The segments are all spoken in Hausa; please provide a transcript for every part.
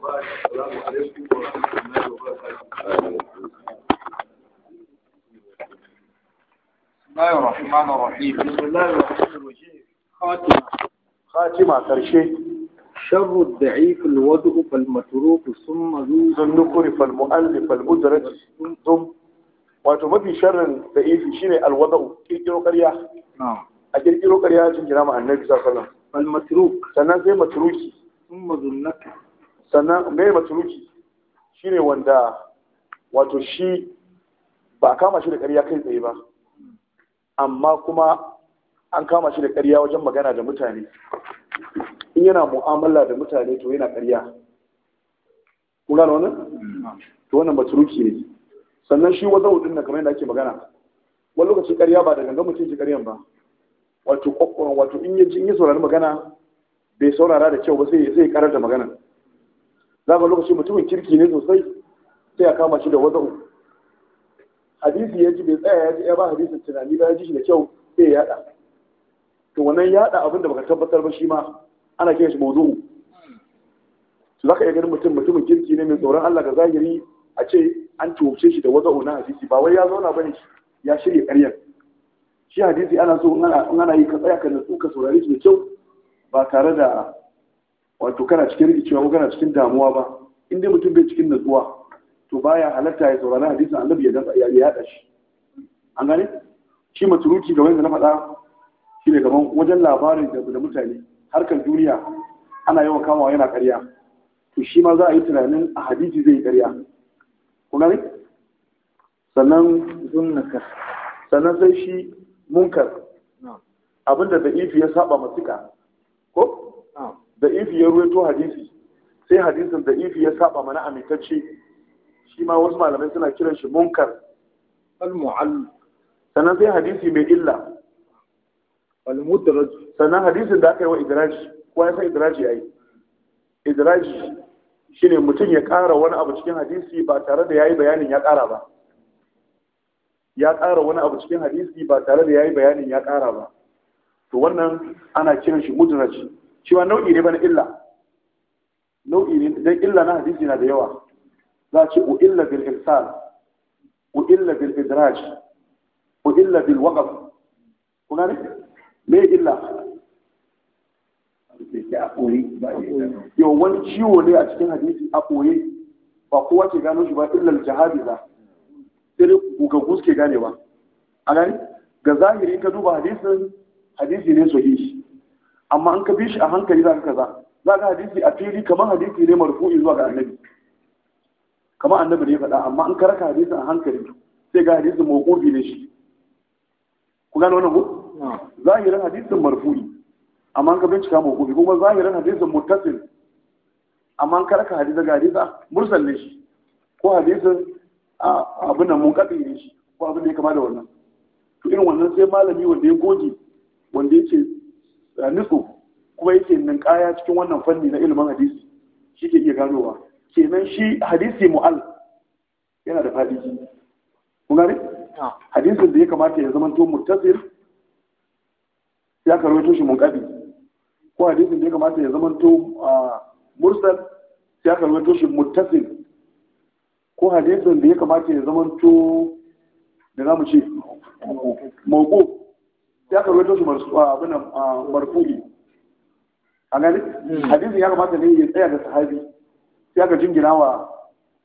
وبعد السلام عليكم ورحمة الله وبركاته بسم الله الرحمن الرحيم بسم الله الرحمن الرحيم خاتمة خاتمة كرشي شر الضعيف الوضع فالمتروك ثم ذو ذنكر فالمؤلف فالأدرة ثم wato mafi sharrin da ifi shine alwada'u kirkiro ƙarya a kirkiro ƙarya cikin jira ma annabi sallallahu alaihi wasallam al matruk sannan sai matruki sun mazunnaka sannan mai matuluki shi ne wanda wato shi ba a kama shi da ƙarya kai tsaye ba amma kuma an kama shi da ƙarya wajen magana da mutane in yana mu'amala da mutane to yana ƙarya Kuna da wannan to wannan matuluki ne sannan shi wazau din nan kamar yadda ake magana wani lokaci ƙarya ba da gangan mutum ji ƙaryan ba wato kokoron wato in ya saurari magana bai saurara da kyau ba sai ya karar da magana za ga lokaci mutumin kirki ne sosai sai a kama shi da wazau hadisi ya ji bai tsaya ya ji ya ba hadisin tunani ba ya ji shi da kyau sai ya yada to wannan yada abin da baka tabbatar ba shi ma ana kiran shi mawdu'u to zaka iya ganin mutum mutumin kirki ne mai tsoron Allah ga zahiri a ce an tuhumce shi da wazau na hadisi ba wai ya zauna bane ya shirya ƙaryar shi hadisi ana so in ana yi ka tsaya ka nutsu ka saurari shi da kyau ba tare da wato kana cikin rikicewa ko kana cikin damuwa ba in dai mutum bai cikin natsuwa to baya halatta ya saurari hadisin annabi ya dafa ya yada shi an gane shi maturuki gaban wanda na faɗa shi ne gaban wajen labarin da mutane harkar duniya ana yawan kama yana ƙarya to shi ma za a yi tunanin a hadisi zai yi ƙarya Ku ne sannan zunnaka sannan sai shi munkar abinda da ifi ya saba ka, ko da ifi ya ruwaito hadisi sai hadisin da ifi ya saba mana amintacce shi ma wasu malamai suna kiran shi munkar al muallu sannan sai hadisi mai illa al-mudraj sannan hadisin da aka yi wa idraji ko ya san idraji ai idraj shine mutum ya ƙara wani abu cikin hadisi ba tare da yayi bayanin ya ƙara ba ya ƙara wani abu cikin hadisi ba tare da yayi bayanin ya ƙara ba to wannan ana kiran shi mudraj shi nau'i ne bana illa nau'i ne dan illa na hadisi na da yawa za a ce u illa bil irsal u illa bil idraj u illa bil waqf kuna ne me illa yau wani ciwo ne a cikin hadisi a koye ba kowa ke gano shi ba illa jihadi za sai dai gugaggu suke gane ba a gani ga zahiri ka duba hadisin hadisi ne sahihi amma an ka bi shi a hankali za ka kaza za ka hadisi a fili kamar hadisi ne marfu'i zuwa ga annabi kamar annabi ne faɗa amma an karaka hadisin a hankali sai ga hadisin mawqufi ne shi ku gano wannan ko zahirin hadisin marfu'i amma an ka bincika mawqufi kuma zahirin hadisin muttasil amma an karaka hadisin ga hadisin mursal ne shi ko hadisin abin nan munqati ne shi ko abin da ya kama da wannan to irin wannan sai malami wanda ya goge wanda ya ce nutsu kuma yake ninkaya cikin wannan fanni na ilimin hadisi shi ke iya ganowa kenan shi hadisi mu'al yana da faɗi kun gane ah. hadisin da ya kamata ya zama to muttasir ya karwato shi munkabi ko hadisin da ya kamata ya zama to ah, mursal ya karwato shi Murtasir, ko hadisin da ya kamata ya zama to da mu ce mawquf sai aka rawaito shi abin marfu'i a gani hmm. hadisin ya kamata ne ya tsaya da sahabi sai aka jingina wa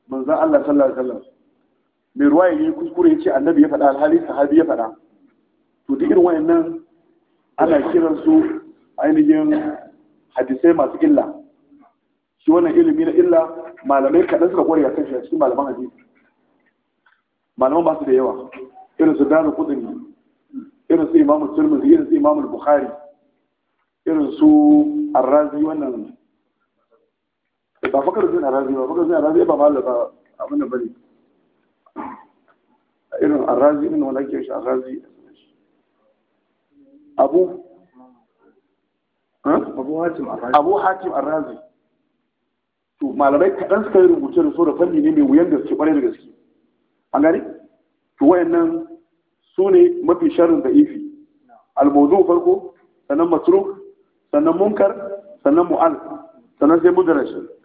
manzon Allah sallallahu alaihi wasallam mai ruwa ya yi kuskure ya ce annabi ya faɗa alhali sahabi ya faɗa to duk irin wayannan ana kiran su ainihin hadisai masu illa shi wannan ilimi na illa malamai kaɗan suka kware a kan shi a cikin malaman hadisi malaman ba su da yawa irin su dano kudin imam turmuzi irin su imam bukhari irin su arrazi wannan ba fakar zai arrazi ba fakar zai arrazi ba mallam ba abin da bari irin arrazi irin wanda ke shi arrazi abu abu hatim arrazi to malamai kaɗan suka yi rubuce da so da fanni ne mai wuyan gaske ƙwarai da gaske an gani to wayannan su ne mafi sharin da ifi almodu farko sannan matruk sannan munkar sannan mu'al sannan sai mudaraj